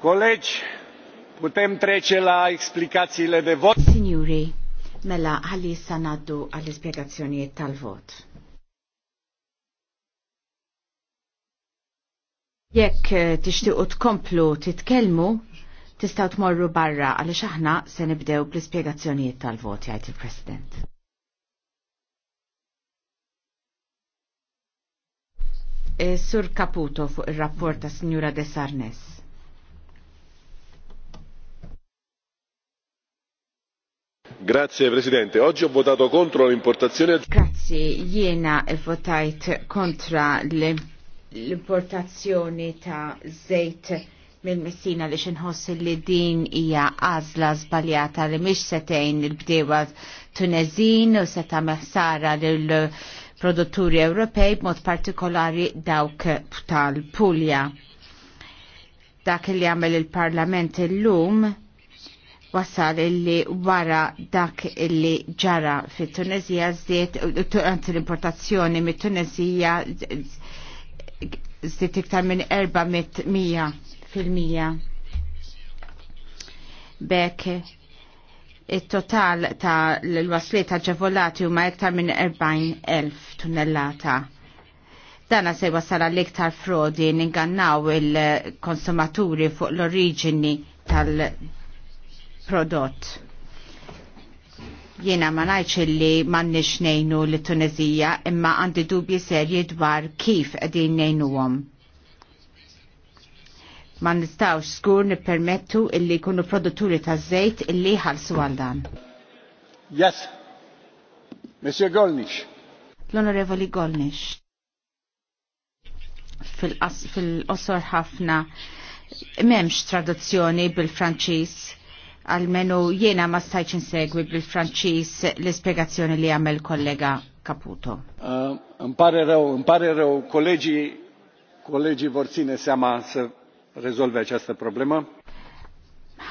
Kolleġ, putem trece la explicațiile de vot. Signori, mela għalli sanaddu għall-ispiegazzjonijiet tal-vot. Jekk eh, tixtiqu tkomplu titkellmu, tistgħu tmorru barra għaliex aħna se nibdew bl-ispjegazzjonijiet tal-vot jgħid il-President. Eh, Sur Caputo fuq ir rapport ta' sinjura De Sarnes. Grazie Presidente, oggi ho votato contro l'importazione. Grazie, jiena votajt kontra l-importazzjoni ta' zejt mill-Messina li xinħoss li din hija għażla żbaljata li mhix se tgħin il-bdewa Tunezin u se tagħmel ħsara lil produtturi Ewropej b'mod partikolari dawk tal-Pulja. Dak li għamel il-Parlament illum lum wasal illi wara dak illi ġara fit tunezija zdiet l-importazzjoni mit tunezija zdiet iktar minn 400 fil-mija. Bek il-total ta' l-waslita ġevolati huma iktar minn 40.000 tunnellata. Dana se wasal l-iktar frodi ningannaw il-konsumaturi fuq l-oriġini tal- prodott. Jiena ma najċ li mannix nejnu li Tunezija imma għandi dubji serji dwar kif għedin nejnu għom. Ma nistawx skur nipermettu illi kunu produtturi ta' zejt illi ħalsu għal dan. Yes. Monsieur Golnish. L-Onorevoli Golnish. Fil-qosor ħafna memx traduzzjoni bil-Franċis Almenu jiena ma stajċ insegwi bil-Franċiż l-ispjegazzjoni li għamel kollega Caputo. Imparerew, uh, imparerew kollegi, kollegi Vorzine sema se rezolve ċesta problema?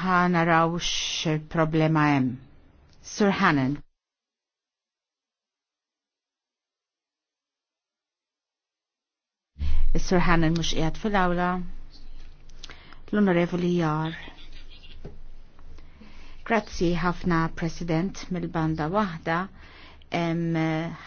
Ħanaraw x-problema hemm. Sir Hannan. Sir Hannan mux qiegħed fil-awla. L-Onorevoli Jar. Grazzi ħafna President mill-banda waħda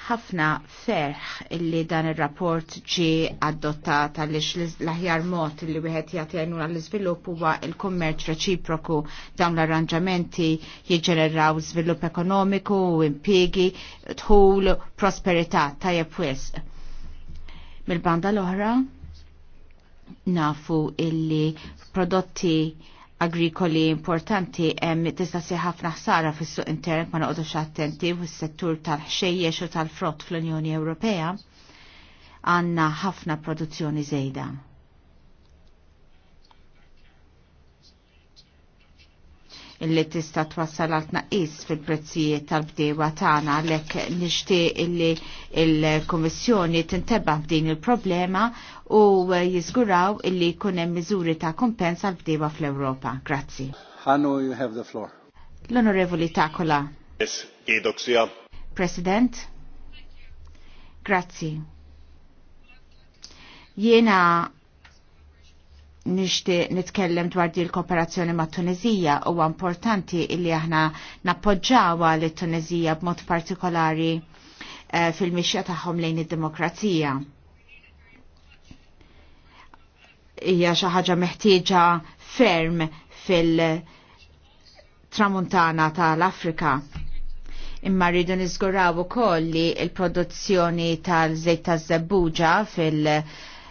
ħafna ferħ illi dan il-rapport ġi adottat għalix l-aħjar mod illi wieħed jagħtijajnu għall-iżvilupp huwa il-kummerċ reċiproku dawn l-arranġamenti jiġġeneraw żvilupp ekonomiku u impjiegi tħul prosperità tajjeb wisq. mil banda l-oħra nafu illi prodotti agrikoli importanti hemm tista' sir ħafna ħsara fis-suq intern ma noqgħodux attenti fis-settur tal-ħxejjex u tal-frott fl-Unjoni Ewropea għandna ħafna produzzjoni żejda. illi tista' twassal għal tnaqqis fil-prezzijiet tal-bdewa tagħna għalhekk nixtieq illi l-Kummissjoni tintebba' b'din il-problema u jiżguraw illi jkun hemm miżuri ta' kompens għal bdewa fl-Ewropa. Grazzi. Hanno, you have the floor. L-Onorevoli Takola. Yes, idoksija. President. Grazzi. Jiena nixtieq nitkellem dwar di l-kooperazzjoni ma' Tunizija huwa importanti illi aħna nappoġġawa li Tunizija b'mod partikolari eh, fil-mixja tagħhom lejn id-demokrazija. Hija xi ħaġa meħtieġa ferm fil-tramuntana tal-Afrika imma rridu nizguraw ukoll li l-produzzjoni tal-żejt taż-żebbuġa fil-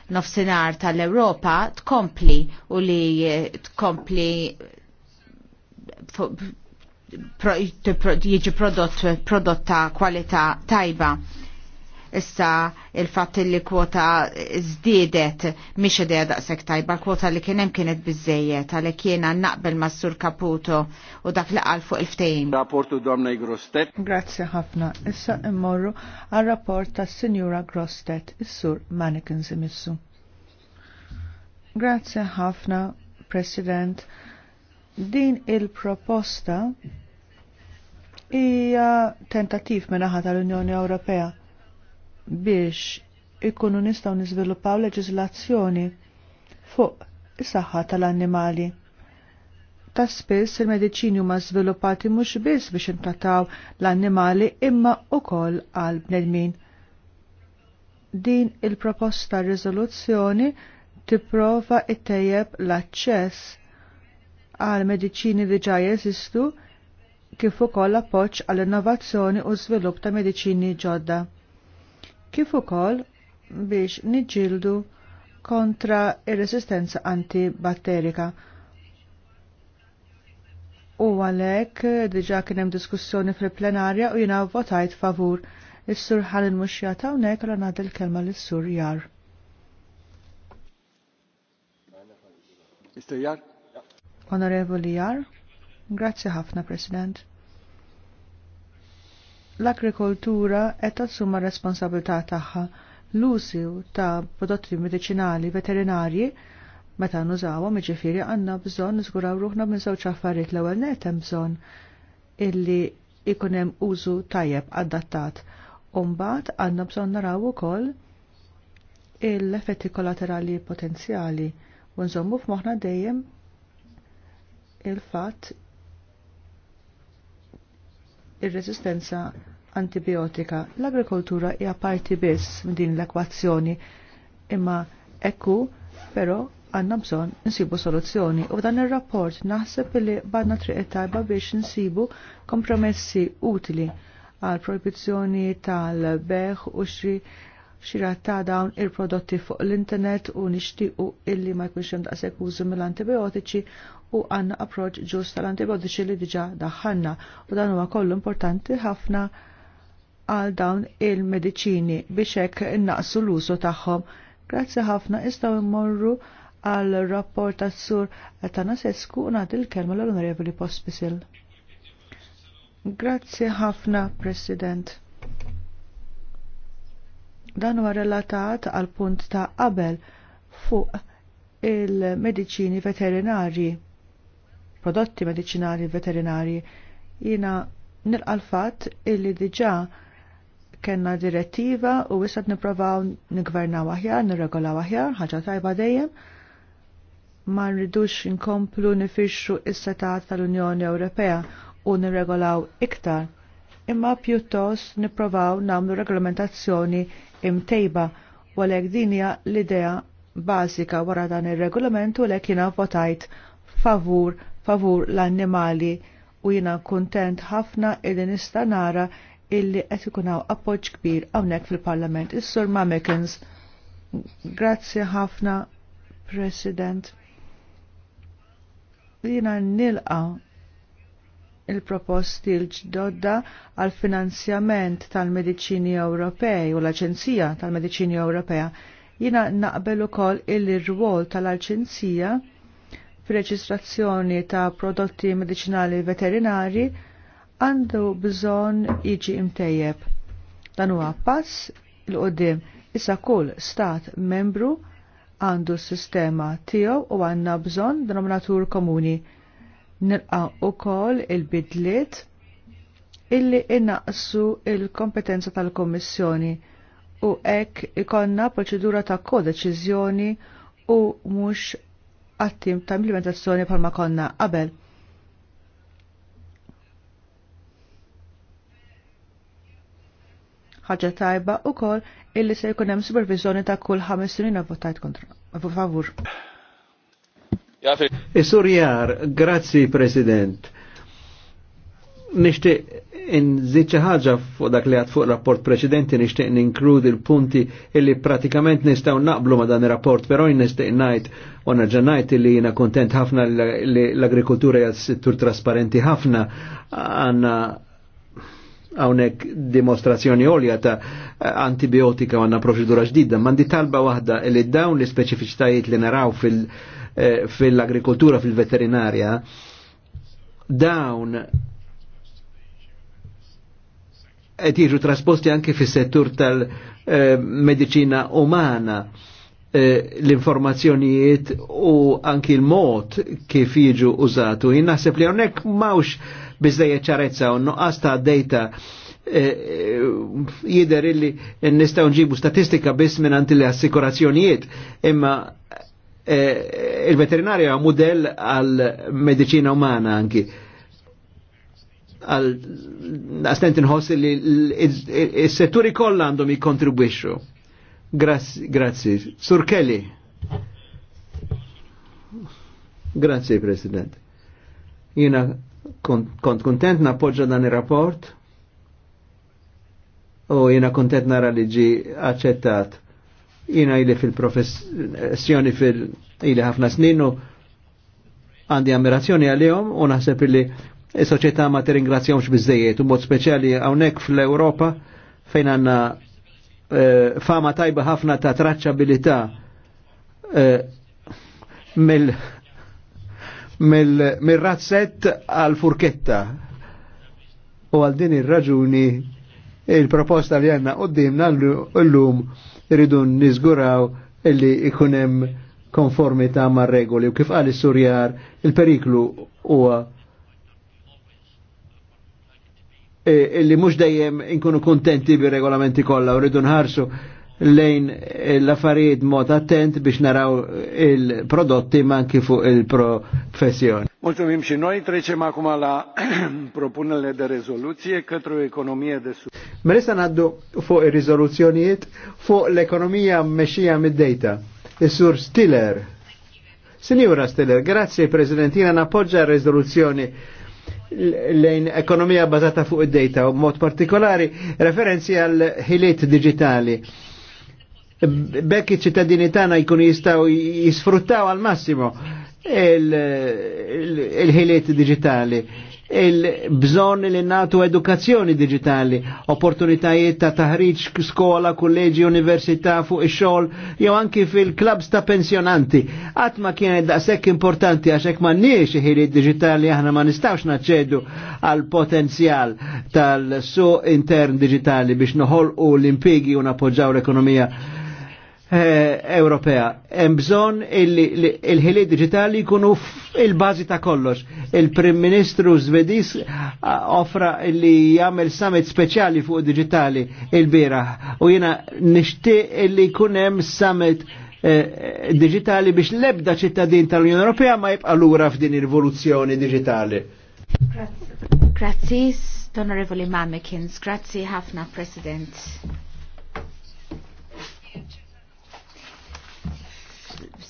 nofsinar tal-Europa tkompli u li tkompli jieġi prodott prodotta kwalità tajba. Issa il fat li kwota zdiedet miex idea daqshekk tajba, kwota li kien hemm kienet biżejjed għalhekk jiena naqbel Massur sur Caputo u dak li qal fuq il ftejn Rapportu domna Grostet. Grazzi ħafna. Issa immorru għal rapport tas signora Grostet, is-Sur Zimissu. imissu. Grazzi ħafna, President. Din il-proposta hija tentativ minaħa tal-Unjoni Ewropea biex ikunu nistaw niżviluppaw leġiżlazzjoni fuq is-saħħa tal-annimali. Ta' spiss il-mediċini huma żviluppati mhux biss biex intrataw l-annimali imma ukoll għal bnedmin. Din il-proposta riżoluzzjoni tipprova ittejjeb l-aċċess għal mediċini diġà jeżistu kif ukoll appoġġ għall innovazzjoni u żvilupp ta' mediċini ġodda kif ukoll biex niġġieldu kontra ir-resistenza antibatterika. U għalhekk diġà kien hemm diskussjoni fil-plenarja u jiena votajt favur. Is-sur ħalin mhux hawnhekk għal ngħaddi l-kelma lis-sur Jar. Mr. Jar? Onorevoli Jar, grazzi ħafna, President l-agrikoltura qed tassuma responsabilità tagħha l-usi ta' prodotti medicinali veterinarji meta nużawhom jiġifieri għandna bżonn niżguraw ruħna minn żewġ affarijiet l-ewwel net hemm bżonn illi ikun hemm użu tajjeb adattat. U mbagħad għandna bżonn naraw ukoll l-effetti kollaterali potenzjali u nżommu f'moħħna dejjem il-fatt ir-resistenza antibiotika. L-agrikoltura hija parti biss minn din l-ekwazzjoni imma ekku però għandna bżonn insibu soluzzjoni u dan ir-rapport naħseb li badna triq tajba biex insibu kompromessi utili għal proibizzjoni tal-beħ u xri xirat ta' dawn il-prodotti fuq l-internet u nixtiequ illi ma jkunx hemm daqshekk użu mill-antibiotiċi u għanna approċ ġust tal-antibodiċi li diġa daħħanna u dan huwa kollu importanti ħafna għal dawn il-mediċini biex hekk innaqsu l-użu tagħhom. Grazzi ħafna istaw immorru għal rapport tas-sur Tanasescu u nagħti l-kelma l-Onorevoli Pospisil. Grazzi ħafna, President dan huwa relatat għal punt ta' qabel fuq il-mediċini veterinarji prodotti medicinali veterinari jina nil fatt illi diġa kena direttiva u wisad niprovaw nigverna waħjar, nirregola waħjar, ħaġa tajba dejjem, ma nridux nkomplu nifixxu is-setat tal-Unjoni Ewropea u nirregolaw iktar, imma pjuttost niprovaw namlu regolamentazzjoni imtejba u għalek dinja l-idea bażika wara dan ir-regolament u lek jina votajt favur favur l-annimali u jina kontent ħafna illi nista nara illi qed ikunaw appoġġ kbir hawnhekk fil-Parlament. Is-Sur Mamekins. Grazzi ħafna, President. Jina nilqa il-proposti l-ġdodda għal finanzjament tal-Mediċini Ewropej u l-Aġenzija tal-Mediċini Ewropea. Jina naqbel ukoll il-rwol tal-Aġenzija il rwol tal aċenzija fil-reġistrazzjoni ta' prodotti medicinali veterinari għandu bżon jiġi imtejjeb. Dan huwa pass il-qoddim issa kull stat membru għandu s-sistema tiegħu u għandna bżonn denominatur komuni. Nilqa' ukoll il-bidliet illi innaqsu il-kompetenza tal-Kommissjoni u hekk ikonna proċedura ta' kodeċiżjoni u mhux għattim ta' implementazzjoni palma konna qabel. ħaġa tajba u kol illi se jkun hemm supervizjoni ta' kull ħames snin votajt kontra. Favur. Is-Surjar, e grazzi President. Nishtiq nżid xi ħaġa fuq dak li għad fuq rapport preċedenti nixtieq ninkludi l-punti illi pratikament nistgħu naqblu ma dan ir-rapport, però nistgħu ngħid u nerġa' ngħid li jiena kontent ħafna li l-agrikoltura hija settur trasparenti ħafna għandna hawnhekk dimostrazzjoni olja ta' antibiotika għandna proċedura ġdida. Mandi talba waħda li dawn l-ispeċifiċitajiet li naraw eh, fil-agrikoltura fil-veterinarja dawn qed jiġu trasposti anke fis-settur tal-medicina eh, umana eh, l-informazzjonijiet u anki l-mod kif jiġu użatu. Jien naħseb li hawnhekk m'hawnx biżdejjed ċarezza u nuqqas ta' data eh, eh, jider illi nistaw nġibu statistika biss minn l assikurazzjonijiet imma eh, il-veterinarja model għal medicina umana anki għal għastent nħossi li s-setturi kollha għandhom jikontribwixxu. Grazzi. Sur Kelly. Grazzi, President. Jina kont kontent nappoġġa dan ir-rapport u jina kontent nara li ġi aċċettat. Jina ili fil-professjoni fil-ili ħafna snin u għandi ammirazzjoni għal-jom u naħseb li is-soċjetà ma tirringrazzjawx biżejjed un mod speċjali hawnhekk fl-Ewropa fejn għandna eh, fama tajba ħafna ta' traċċabilità eh, mill-razzett mil, għal furketta u għal din ir-raġuni il-proposta li għanna qoddimna l-lum rridu nizguraw illi ikunem konformita ma' regoli u kif għal surjar il-periklu huwa illi eh, mhux dejjem inkunu kontenti bir-regolamenti kollha u rridu nħarsu lejn eh, l-affarijiet mod attent biex naraw il-prodotti ma fuq il-professjoni. Mulțumim și noi. Trecem acum la propunerile de rezoluție către o economie de sus. Meresa naddu fuq il-rizoluzzjonijiet fuq l-ekonomija mexija mid-dejta. Is-sur Stiller. Sinjura Stiller, grazie Presidentina, nappoġġa r lejn ekonomija bazata fuq id-data u mod partikolari referenzi għal ħiliet digitali. Bekk iċ-ċittadini tagħna jkunu jistgħu jisfruttaw għal massimo il-ħiliet digitali il-bżon li natu edukazzjoni digitali, opportunitajiet ta' taħriġ skola, kolleġi, università fuq ix-xogħol jew anki fil-klabs ta' pensjonanti. Qatt ma kienet daqshekk importanti għax hekk m'għandniex ħiliet digitali aħna ma nistgħux naċċedu għal potenzjal tal-suq -so intern digitali biex noħolqu l impigi u napoġġaw l-ekonomija Eh, Ewropea. Hemm bżonn il-ħili digitali jkunu il-bażi ta' kollox. Il-Prim Ministru Żvedis offra li jagħmel summit speċjali fuq id-diġitali il bira u jiena nixtieq li jkun hemm summit eh, digitali biex lebda ċittadin tal-Unjoni Ewropea ma jibqa' lura f'din ir-rivoluzzjoni digitali. Grazzi, Onorevoli Mamikins, grazzi ħafna President.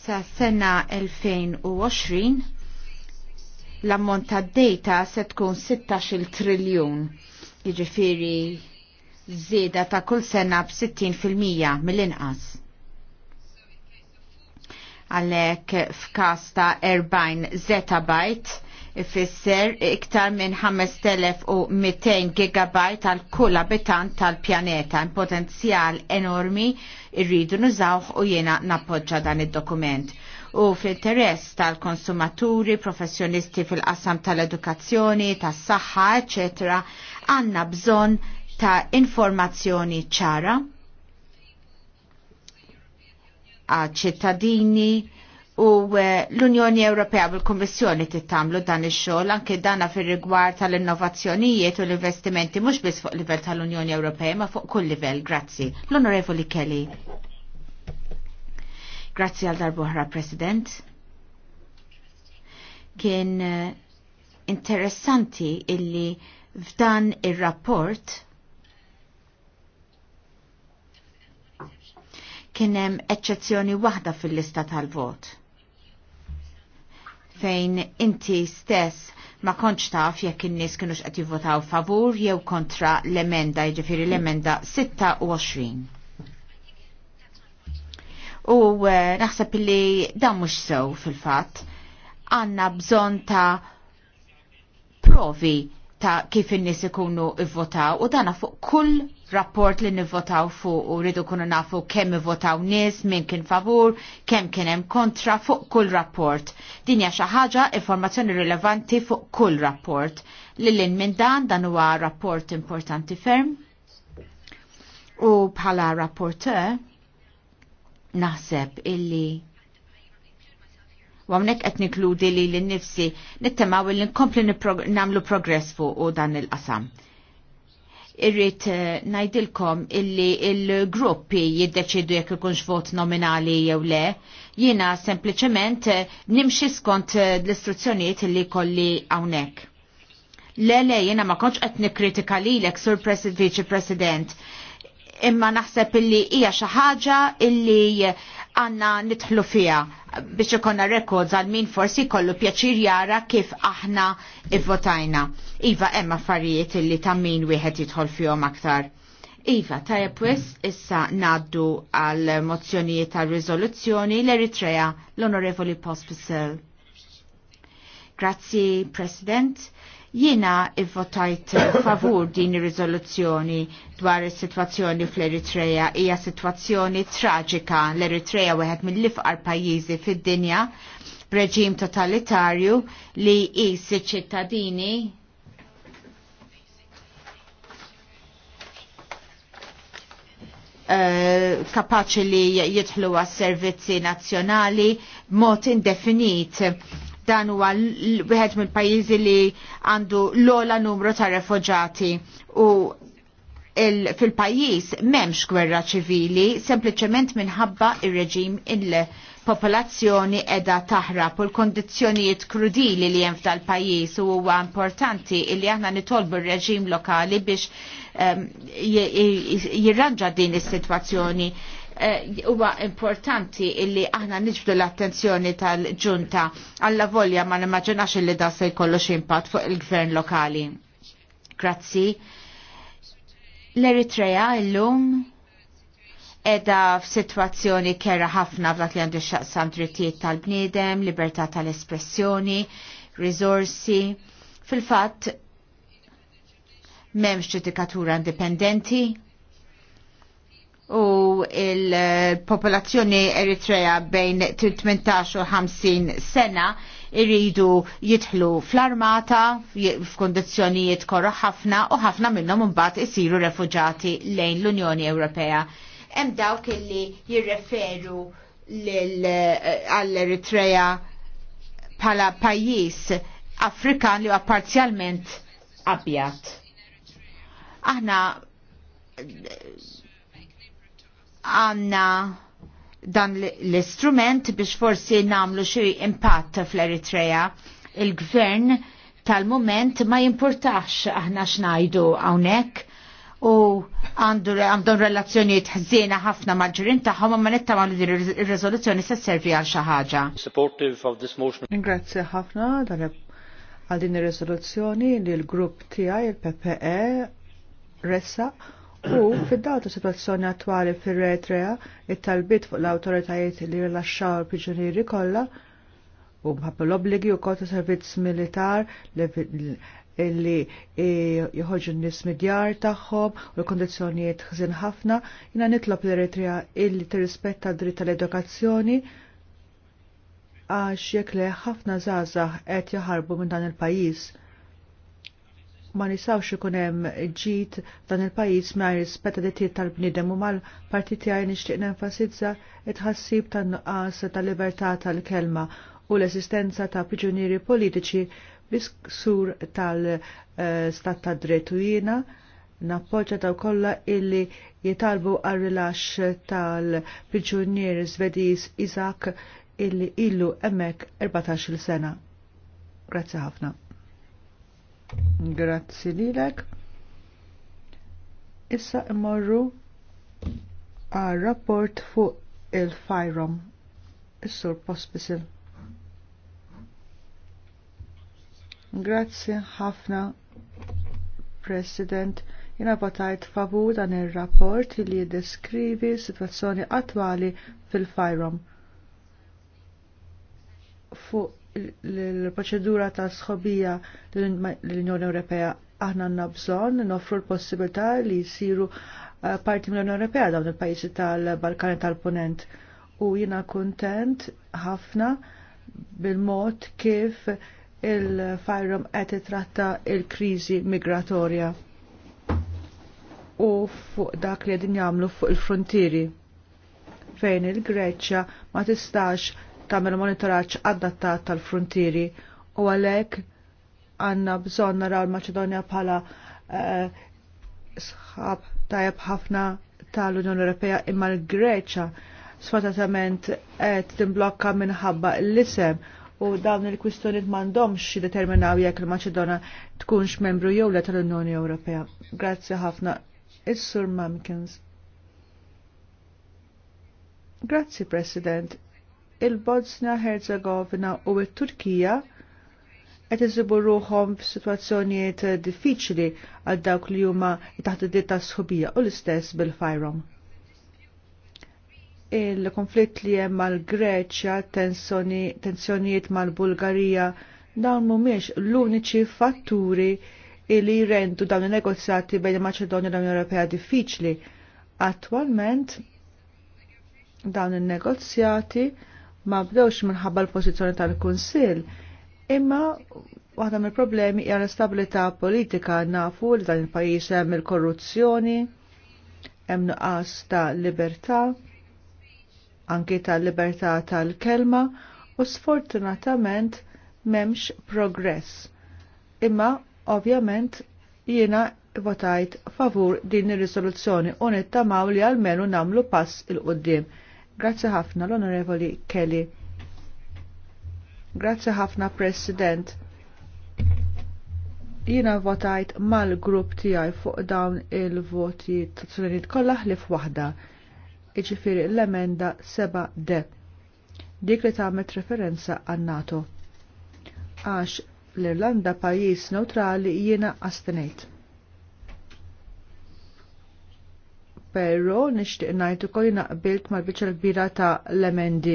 sa sena 2020 l-ammont ta' data se tkun 16 triljun. Jiġifieri żieda ta' kull sena b'60% mill-inqas. Għalhekk f'każ ta' 40 zettabyte ifisser iktar minn 5200 gigabajt għal kull abitant tal-pjaneta in potenzjal enormi irridu nużawh u jiena nappoġġa dan id-dokument u fl-interess tal-konsumaturi, professjonisti fil-qasam tal-edukazzjoni, tas-saħħa, eċetera, għandna bżonn ta' informazzjoni ċara għal ċittadini u eh, l-Unjoni Ewropea u l kummissjoni tittamlu dan ix-xogħol anke dana fir-rigward tal-innovazzjonijiet u l-investimenti mhux biss fuq livell tal-Unjoni Ewropea ma fuq kull livell. Grazzi. L-Onorevoli Kelly. Grazzi għal darbohra, President. Kien eh, interessanti illi f'dan ir-rapport kien hemm eċċezzjoni waħda fil-lista tal-vot fejn inti stess ma konċ taf jekk in-nies kienu qed jivvotaw favur jew kontra l-emenda, jiġifieri l-emenda 26. U eh, naħseb li dan mhux sew fil-fatt għandna bżonn ta' provi ta' kif in-nies ikunu ivvotaw u dana fuq kull rapport li nivvotaw fuq u rridu kunu nafu kemm votaw nies, min kien favur, kemm kien hemm kontra fuq kull rapport. Din hija xi ħaġa informazzjoni rilevanti fuq kull rapport. Lilin minn dan dan huwa rapport importanti ferm. U bħala rapporteur naħseb illi u għamnek qed nikludi li l-nifsi nittemaw il nkompli namlu progress fuq u dan il-qasam irrit eh, najdilkom illi il-gruppi jiddeċidu jekk ikunx vot nominali jew le, jiena sempliċement eh, nimxi skont eh, l-istruzzjonijiet illi kolli hawnhekk. Le le jiena ma konċ qed nikkritika lilek sur President imma naħseb illi hija xi ħaġa illi għanna nitħlu fija biex ikonna rekords għal min forsi kollu pjaċir jara kif aħna ivvotajna. Iva hemm affarijiet illi ta' min wieħed jidħol fihom aktar. Iva, tajab wis issa naddu għal mozzjonijiet tal riżoluzzjoni l-Eritrea l-Onorevoli Pospisil. Grazzi, President. Jiena ivvotajt favur din ir-riżoluzzjoni dwar is-sitwazzjoni fl-Eritrea hija sitwazzjoni traġika. L-Eritrea wieħed mill-ifqar pajjiżi fid-dinja b'reġim totalitarju li qis iċ-ċittadini eh, kapaċi li jidħlu għas servizzi nazzjonali b'mod indefinit dan huwa wieħed mill-pajjiżi li għandu l-ola numru ta' refuġati u fil-pajjiż m'hemmx gwerra ċivili, sempliċement minħabba ir-reġim il popolazzjoni edha taħrab u l-kondizjonijiet krudili li hemm fdal pajjiż u huwa importanti li aħna nitolbu r-reġim lokali biex ehm, jirranġa din is-sitwazzjoni Eh, huwa importanti illi aħna niġbdu l-attenzjoni tal-ġunta għalla volja ma nimmaġinax illi da se jkollu impatt fuq il-gvern lokali. Grazzi. L-Eritrea illum edha f-situazzjoni kera ħafna f'dak li għandu xaqsam drittijiet tal-bniedem, libertà tal-espressjoni, risorsi. Fil-fatt, memx ġudikatura indipendenti, u il-popolazzjoni Eritrea bejn 18 u 50 sena irridu jitħlu fl-armata f'kondizzjonijiet korra ħafna u ħafna minnhom imbagħad isiru refuġati lejn l-Unjoni Ewropea. Hemm dawk illi jirreferu eh, għall-Eritrea bħala pajjiż Afrikan li huwa parzjalment abjad. Aħna għanna dan l-istrument biex forsi namlu xi impatt fl-Eritrea. Il-gvern tal-moment ma jimportax aħna xnajdu hawnhekk u għandhom relazzjonijiet ħżiena ħafna mal-ġurin tagħhom ma nittama li din ir-riżoluzzjoni se servi għal xi ħaġa. ħafna dan għal din ir-riżoluzzjoni li l-grupp tiegħi il-PPE ressa U fid-daw situazzjoni attwali fir retrea it-talbit fuq l-awtoritajiet li rilaxxaw il-priġunieri kollha u bħab l-obligi u kota servizz militar li joħoġu n-nis midjar taħħom u l-kondizjonijiet ħzin ħafna, jina nitlob l-Eritrea illi tirrispetta dritt tal-edukazzjoni għax jekk li ħafna zazax qed jaħarbu minn dan il-pajjiż ma nisawx ikun hemm ġid dan il-pajjiż ma rispetta dettijiet tal-bniedem u mal-partiti għaj nixtieq nenfasizza it-ħassib tan-nuqqas tal-libertà tal-kelma u l-esistenza ta' priġunieri politiċi bis-ksur tal-stat ta' dritt u jiena nappoġġa ta kollha illi jitalbu għal rilax tal priġunieri Svediż Isaac illi illu emmek 14 sena. Grazzi ħafna. Grazzi lilek. Issa imorru għal rapport fuq il-Fajrom, is-sur Pospisil. Grazzi ħafna, President. jina batajt favu dan il-rapport li jiddeskrivi situazzjoni attwali fil-Fajrom fuq l-proċedura ta' sħobija l-Unjoni Ewropea aħna għandna bżonn noffru l-possibilità li jsiru eh, parti mill-Unjoni Ewropea dawn il-pajjiżi tal-Balkani tal-Punent u jina kontent ħafna bil-mod kif il-fajrum qed tratta il-kriżi migratorja u fuq dak li qegħdin jagħmlu fuq il-frontieri fejn il-Greċja ma tistax tagħmel monitoraġġ adattat tal-frontieri u għalhekk għandna bżonn naraw l-Maċedonja bħala eh, sħab tajab ħafna tal-Unjoni Ewropea imma l-Greċa sfatatament qed timblokka minħabba l-isem u dawn il-kwistjoniet m'għandhomx determinaw jekk il-Maċedona tkunx membru jew le tal-Unjoni Ewropea. Grazzi ħafna. Is-Sur Mamkins. Grazzi, President il-Bosnia Herzegovina u il turkija qed iżibu ruħhom f'sitwazzjonijiet diffiċli għal dawk li huma taħt id ta' sħubija u l-istess bil-fajrom. Il-konflitt li hemm mal-Greċja, tensjonijiet mal-Bulgarija, dawn mhumiex l-uniċi fatturi li rendu dawn il-negozjati bejn il-Maċedonja u l-Unjoni Ewropea diffiċli. Attwalment dawn il-negozjati il negozjati ma bdewx minħabba l-pożizzjoni tal-Kunsill, imma waħda mill-problemi hija l-istabilità politika nafu li dan il-pajjiż hemm il-korruzzjoni, hemm nuqqas ta' libertà, anke ta' libertà tal-kelma u sfortunatament m'hemmx progress. Imma ovvjament jiena votajt favur din ir-risoluzzjoni u nittamaw li għalmenu namlu pass il-qoddim Grazzi ħafna l-Onorevoli Kelly. Grazzi ħafna President. Jina votajt mal-grupp tijaj fuq dawn il-voti t-tsunenit kollha ħlif waħda, iġifiri l-emenda 7D. Dik li met referenza għan-NATO. Għax l-Irlanda pajjiż neutrali jiena astenejt. però nixtieq ngħid ukoll naqbilt mal l kbira ta' l-emendi.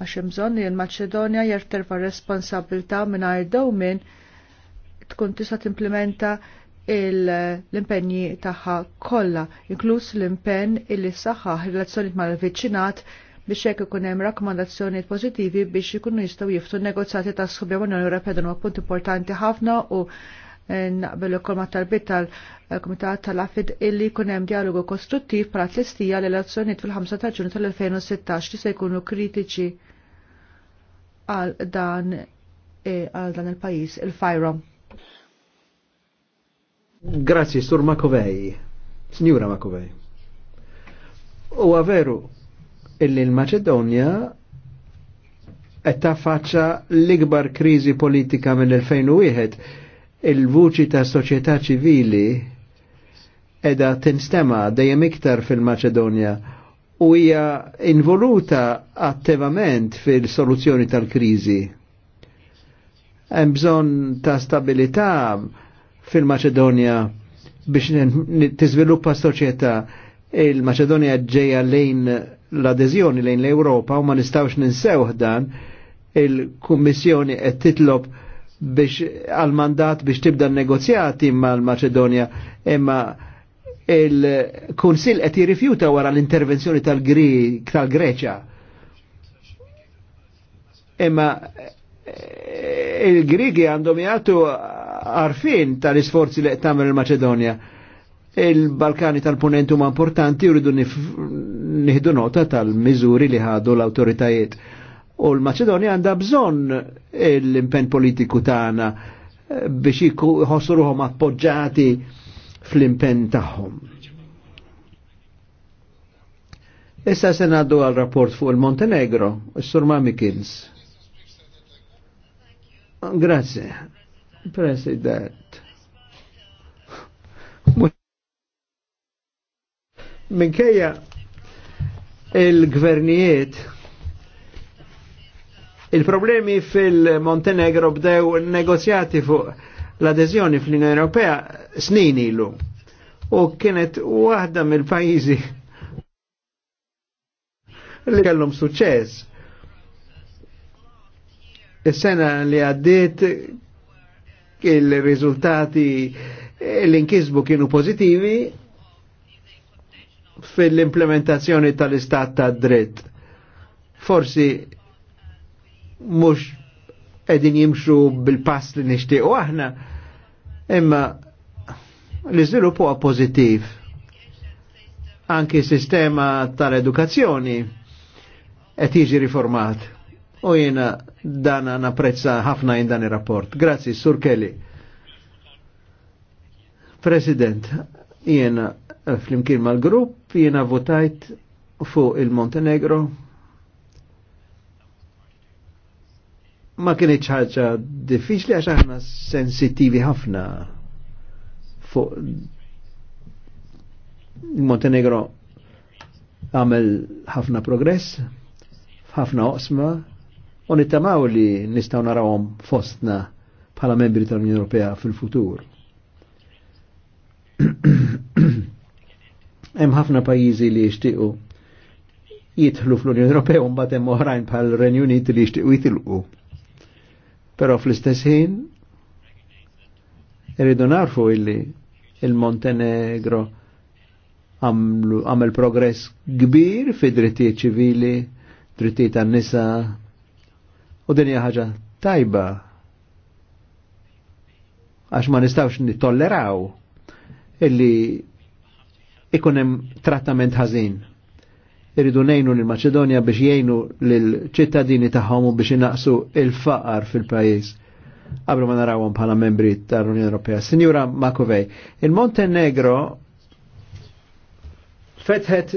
Għax hemm li l-Maċedonja jerterfa' responsabilità mingħajr minn tkun tista' timplementa l-impenji tagħha kollha, inkluż l-impenn illi relazzjoni relazzjonijiet mal-viċinat biex jek ikun hemm rakkomandazzjonijiet pożittivi biex ikunu jistgħu jiftu negozjati ta' sħubja mal-Unjoni Ewropea dan huwa punt importanti ħafna u naqbel ukoll ma' tarbit tal-Kumitat tal-Afid illi jkun hemm dialogu kostruttiv bħala tlistija l elezzjonijiet fil-5 ta' Ġunju tal-2016 li se jkunu kritiċi għal dan e, għal dan il-pajjiż il-fajrom. Grazzi, Sur Makovej. Signora Makovej. U veru illi l-Maċedonja qed faċċa l-ikbar kriżi politika mill-2001 il-vuċi ta' soċjetà ċivili edha tinstema dejjem iktar fil-Maċedonja u hija involuta attivament fil-soluzzjoni tal-kriżi. Hemm bżonn ta' stabilità fil-Maċedonja biex tiżviluppa soċjetà il-Maċedonja ġejja lejn l-adeżjoni lejn l-Ewropa u ma nistgħux ninsewħ dan il-Kummissjoni qed titlob biex għal-mandat biex tibda negozjati mal-Macedonia imma il-Kunsil qed jirrifjuta wara l-intervenzjoni tal-Greċja. Tal imma eh, il-Grigi għandhom jgħatu għarfin tal-isforzi li tagħmel il-Maċedonja. Il-Balkani tal-Punent huma importanti jridu nieħdu nota tal-miżuri li ħadu l-awtoritajiet U l macedonia għandha bżonn l impen politiku tagħna eh, biex jħossu appoġġati fl impen tagħhom. Issa se ngħaddu għal rapport fuq il-Montenegro, s sur Mikins. Grazie, President. Minkejja il-gvernijiet Il-problemi fil-Montenegro bdew negozjati fuq l adezjoni fl-Unjoni Ewropea snin ilu. U kienet waħda mill-pajjiżi li kellhom suċċess. Is-sena li għaddiet il-riżultati l-inkisbu kienu pożittivi fil-implementazzjoni tal-istat tad dritt. Forsi mhux edin jimxu bil-pass li nixtiequ aħna, imma l-iżvilupp huwa pożittiv. Anki sistema tal-edukazzjoni qed jiġi riformat. U jiena dan napprezza ħafna in dan ir-rapport. Grazzi, Sur Kelly. President, jiena fl-imkien mal-grupp jiena votajt fuq il-Montenegro ma kienieċ ħaġa diffiċli għax aħna sensitivi ħafna fuq Montenegro għamel ħafna progress, ħafna osma u nittamaw li nistaw narawom fostna bħala membri tal-Unjoni Ewropea fil-futur. Hemm ħafna pajjiżi li jixtiequ jitħlu fl-Unjoni Ewropea u mbagħad hemm oħrajn bħal Renju Unit li jixtiequ jitilqu. Pero fl-istess ħin irridu narfu illi il-Montenegro għamel progress kbir fi drittijiet ċivili, drittijiet tan-nisa u dinja ħaġa tajba għax ma nistawx nitolleraw illi ikunem trattament ħażin irridu nejnu l macedonia biex jgħinu l-ċittadini tagħhom biex inaqsu il-faqar fil-pajjiż. Għabru ma narawhom bħala membri tal-Unjoni Ewropea. Signora Makovej, il-Montenegro fetħet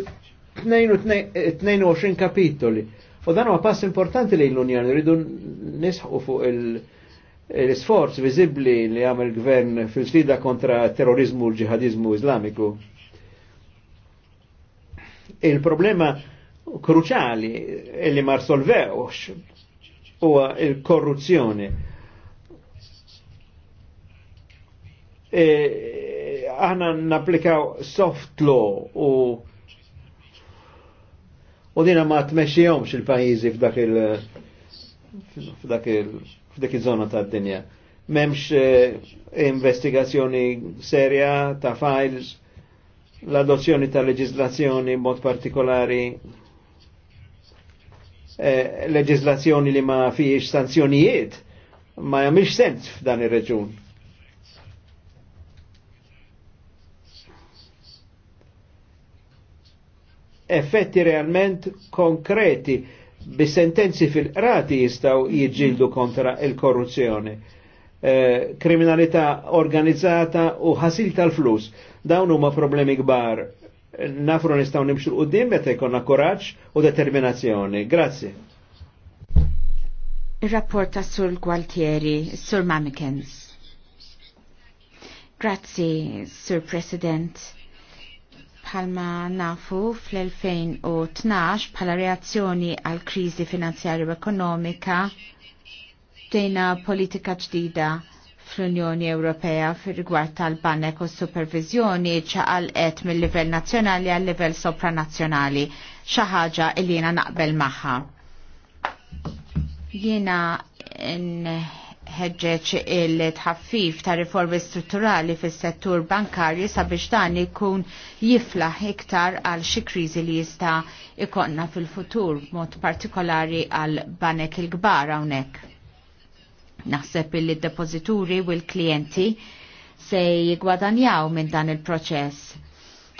22 kapitoli. U dan huwa pass importanti lejn l-Unjoni, rridu nisħu fuq l-isforz viżibbli li għamel gvern fil-sfida kontra terrorizmu u l-ġihadizmu islamiku il-problema kruċali li ma solvewx u il-korruzzjoni. E, Aħna napplikaw soft law u u dina ma tmexxihomx il-pajjiżi f'dak il f'dak il f'dak iż-żona tad-dinja. M'hemmx eh, investigazzjoni serja ta' files l-adozzjoni ta' leġislazzjoni mod partikolari eh, li ma fiex sanzjonijiet ma jamilx sens f'dan ir-reġun. Effetti realment konkreti bi sentenzi fil-qrati jistaw jiġġildu kontra il-korruzzjoni Eh, kriminalità organizzata u ħasil tal-flus. Dawn huma problemi kbar. Nafru nistgħu nimxu l-qudiem meta jkollna kuraġġ u determinazzjoni. Grazzi. ir rapport ta' Sur Gualtieri, Sur Mamikens. Grazzi, Sur President. Palma nafu fl-2012 pala reazzjoni għal krizi finanzjarju ekonomika dejna politika ġdida fl-Unjoni Ewropea fir-rigward tal-banek u supervizjoni ċaqalqet mill-livell nazzjonali għal livell sopranazzjonali xi ħaġa li naqbel magħha. Jiena nħedġeċ il-tħaffif ta' riformi strutturali fis-settur bankarju sabiex dan ikun jiflaħ iktar għal xi kriżi li jista' ikonna fil-futur, mod partikolari għal banek il-kbar hawnhekk Naħseb il depozituri u l-klijenti se jigwadanjaw minn dan il-proċess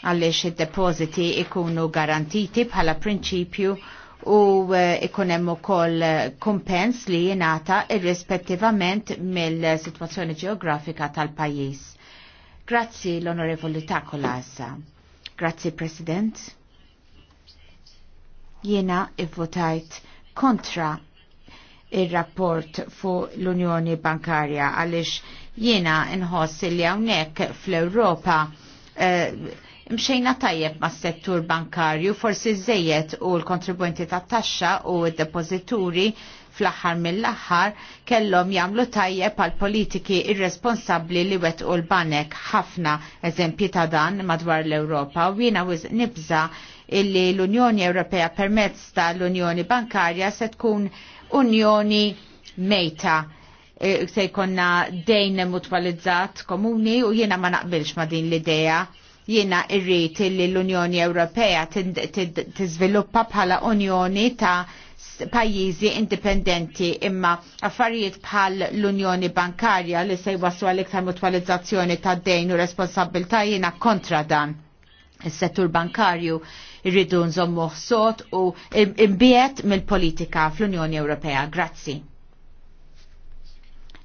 għaliex id depoziti ikunu garantiti bħala prinċipju u eh, ikunem u kol eh, kompens li jenata irrispettivament mill-situazzjoni ġeografika tal-pajis. Grazzi l-Onorevoli Takola issa. Grazzi President. Jena ivvotajt kontra il-rapport fuq l-Unjoni Bankarja għalix jiena nħoss li hawnhekk fl-Ewropa eh, mxejna tajjeb ma' settur bankarju, forsi żejjed u l-kontribwenti tat taxxa u d-depozituri fl-aħħar mill-aħħar kellhom jagħmlu tajjeb għal politiki irresponsabbli li u l-banek ħafna eżempji ta' dan madwar l-Ewropa u jiena nibża illi l-Unjoni Ewropea permezz tal-Unjoni Bankarja se tkun Unjoni Mejta e, se jkonna dejn mutwalizzat komuni u jiena ma naqbilx ma din l-idea jiena irrit li l-Unjoni Ewropea tiżviluppa bħala unjoni ta' pajjiżi indipendenti imma affarijiet bħal l-Unjoni Bankarja li se jwaslu għal iktar mutwalizzazzjoni ta' dejn u responsabilta jiena kontra dan. Is-settur bankarju irridu nżommu sot u imbiet mill-politika fl-Unjoni Ewropea. Grazzi.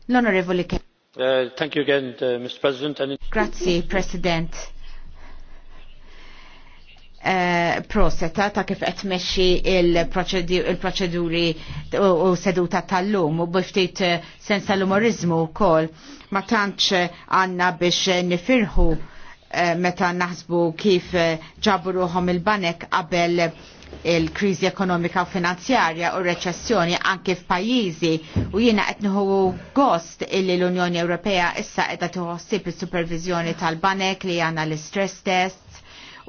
L-Onorevoli Uh, thank you again, uh, Mr. President. And... Grazie, President Eh, proseta ta' kif qed tmexxi il-proċeduri u seduta tal-lum u biftit eh, sensa l-umorizmu wkoll ma tantx eh, għandna biex nifirħu meta naħsbu kif ġabu il-banek qabel il-kriżi ekonomika u finanzjarja u reċessjoni anke f'pajjiżi u jiena qed nieħu gost illi l-Unjoni Ewropea issa qiegħda tħossib is-supervizjoni tal-banek li għandna l-istress test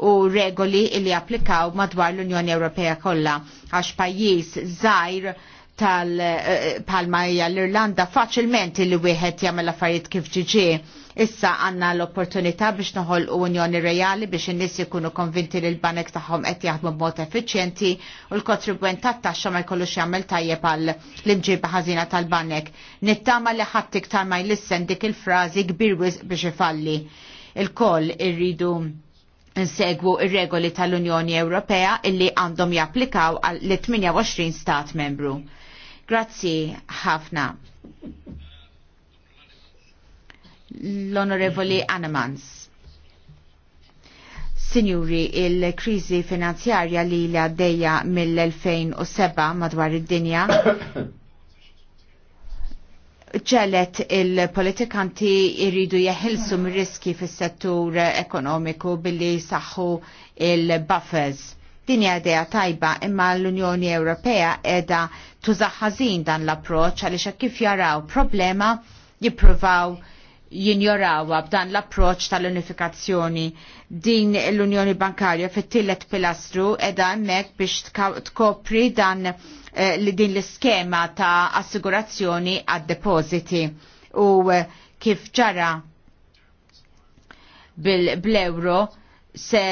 u regoli li applikaw madwar l-Unjoni Ewropea kollha għax pajjiż żgħir tal-palma eh, hija l-Irlanda faċilment li wieħed jagħmel affarijiet kif ġiġi. Issa għanna l-opportunità biex noħol u unjoni reali biex n-nis jikunu konvinti li l-banek taħħom qed jaħdmu b'mod effiċjenti u l-kontribwent tat-taxxa ma jkollux jagħmel tajjeb għal l-imġiba ħażina tal-banek. Nittama li ħadd iktar ma jlissen dik il-frażi kbir biex ifalli. Il-koll irridu il nsegwu ir-regoli tal-Unjoni Ewropea illi għandhom japplikaw għal 28 stat membru. Grazzi ħafna. L-Onorevoli Anamans. Sinjuri, il-krizi finanzjarja li l-għaddeja mill-2007 madwar id-dinja ġelet il-politikanti irridu jeħilsu mir-riski fis-settur ekonomiku billi saħħu il-buffers. Din hija idea tajba imma l-Unjoni Ewropea qiegħda tużaħħażin dan l-approċċ għaliex kif jaraw problema jippruvaw jinjorawa b'dan l-approċ tal-unifikazzjoni din l-Unjoni Bankarja fit-tillet pilastru edha hemmhekk biex tkopri dan eh, li din l-iskema ta' assigurazzjoni għad depositi u eh, kif ġara bil-euro se,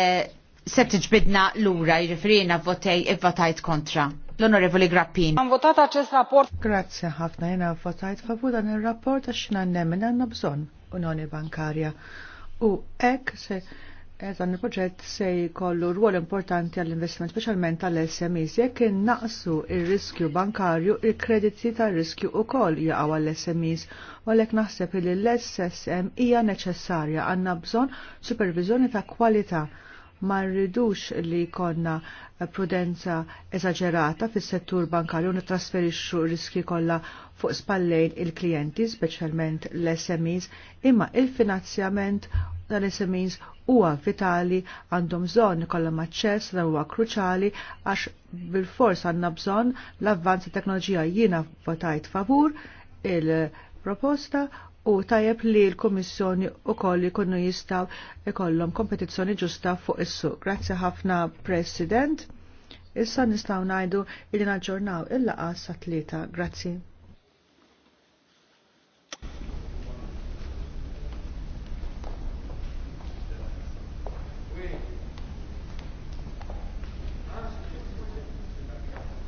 se tiġbidna l-ura, i jiġifieri votajt kontra l-Onorevoli Grappin. Għan votat għacess rapport. Grazie ħafna jena votajt favu dan il-rapport għax xina nemmen għanna bżon unjoni bankarja. U ek se eh, dan il-proġett se jkollu rwol importanti għall-investiment, specialment għall-SMEs, jekk naqsu il-riskju bankarju, il-krediti ta' riskju u koll jgħaw għall-SMEs, u għalek naħseb li l-SSM hija neċessarja għanna bżon supervizjoni ta' kwalità ma rridux li konna prudenza eżagerata fis-settur bankarju nitrasferixxu riski kollha fuq spallejn il-klijenti, speċjalment l-SMEs, imma il-finanzjament tal-SMEs huwa vitali għandhom bżonn kollha aċċess dan huwa kruċali għax bil-fors għandna bżonn l-avvanz teknoloġija jiena votajt favur il- proposta u tajjeb li l-Komissjoni u koll jkunu jistaw ikollhom kompetizzjoni ġusta fuq is-suq. Grazzi ħafna President. Issa nistgħu ngħidu li naġġornaw il-laqgħa sa tlieta. Grazzi.